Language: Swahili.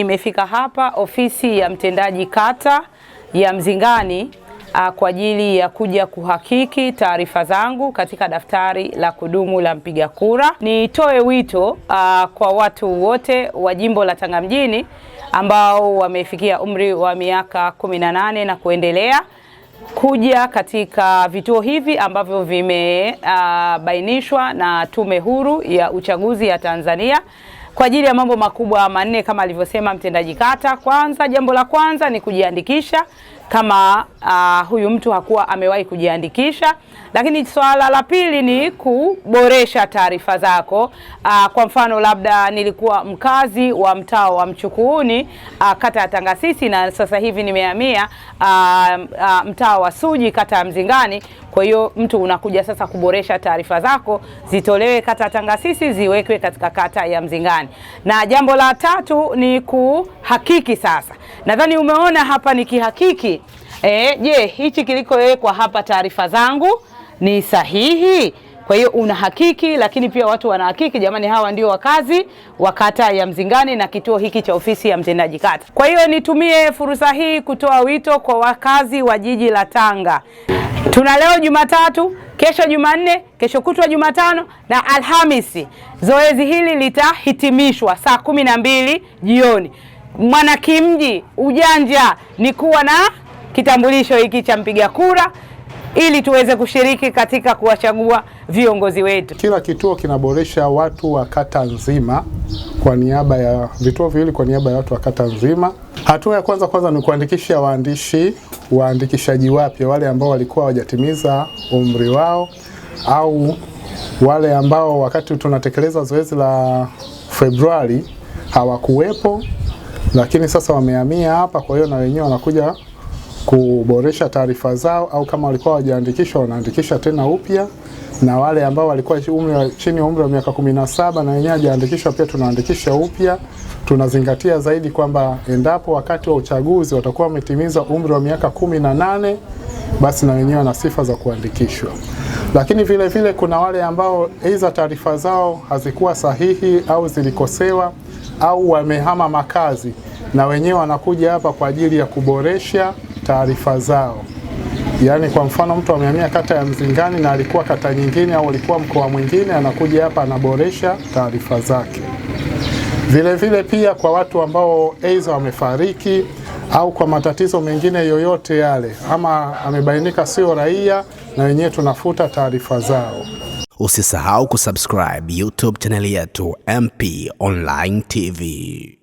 nimefika hapa ofisi ya mtendaji kata ya Mzingani a, ah, kwa ajili ya kuja kuhakiki taarifa zangu katika daftari la kudumu la mpiga kura. Nitoe wito a, ah, kwa watu wote wa jimbo la Tanga mjini ambao wamefikia umri wa miaka 18 na kuendelea kuja katika vituo hivi ambavyo vimebainishwa ah, na Tume Huru ya Uchaguzi ya Tanzania kwa ajili ya mambo makubwa manne kama alivyosema mtendaji kata. Kwanza, jambo la kwanza ni kujiandikisha kama uh, huyu mtu hakuwa amewahi kujiandikisha. Lakini swala la pili ni kuboresha taarifa zako. Uh, kwa mfano labda nilikuwa mkazi wa mtaa wa Mchukuuni uh, kata ya Tangasisi na sasa hivi nimehamia uh, uh, mtaa wa Suji kata ya Mzingani. Kwa hiyo mtu unakuja sasa kuboresha taarifa zako zitolewe kata ya Tangasisi ziwekwe katika kata ya Mzingani. Na jambo la tatu ni kuhakiki sasa Nadhani umeona hapa ni kihakiki e, je, hichi kilikowekwa hapa taarifa zangu ni sahihi. Kwa hiyo hakiki lakini pia watu wanahakiki. Jamani, hawa ndio wakazi wa kata ya Mzingani na kituo hiki cha ofisi ya mtendaji kata. Kwa hiyo nitumie fursa hii kutoa wito kwa wakazi wa jiji la Tanga. Tuna leo Jumatatu, kesho Jumanne, kesho kutwa Jumatano na Alhamisi. Zoezi hili litahitimishwa saa kumi na mbili jioni mwanakimji, ujanja ni kuwa na kitambulisho hiki cha mpiga kura ili tuweze kushiriki katika kuwachagua viongozi wetu. Kila kituo kinaboresha watu wa kata nzima kwa niaba ya vituo viwili, kwa niaba ya watu wa kata nzima. Hatua ya kwanza kwanza ni kuandikisha waandishi, waandikishaji wapya, wale ambao walikuwa hawajatimiza umri wao au wale ambao wakati tunatekeleza zoezi la Februari hawakuwepo lakini sasa wamehamia hapa, kwa hiyo na wenyewe wanakuja kuboresha taarifa zao, au kama walikuwa wajaandikishwa wanaandikisha tena upya, na wale ambao walikuwa umri chini ya umri wa miaka 17 na wenyewe wajaandikishwa pia tunaandikisha upya. Tunazingatia zaidi kwamba endapo wakati wa uchaguzi watakuwa wametimiza umri wa miaka 18 basi na wenyewe wana sifa za kuandikishwa. Lakini vile vile kuna wale ambao aidha taarifa zao hazikuwa sahihi au zilikosewa au wamehama makazi, na wenyewe wanakuja hapa kwa ajili ya kuboresha taarifa zao. Yaani, kwa mfano mtu amehamia kata ya Mzingani na alikuwa kata nyingine au alikuwa mkoa mwingine, anakuja hapa anaboresha taarifa zake. Vile vile pia kwa watu ambao aidha wamefariki au kwa matatizo mengine yoyote yale, ama amebainika sio raia, na wenyewe tunafuta taarifa zao. Usisahau kusubscribe YouTube chaneli yetu MP Online TV.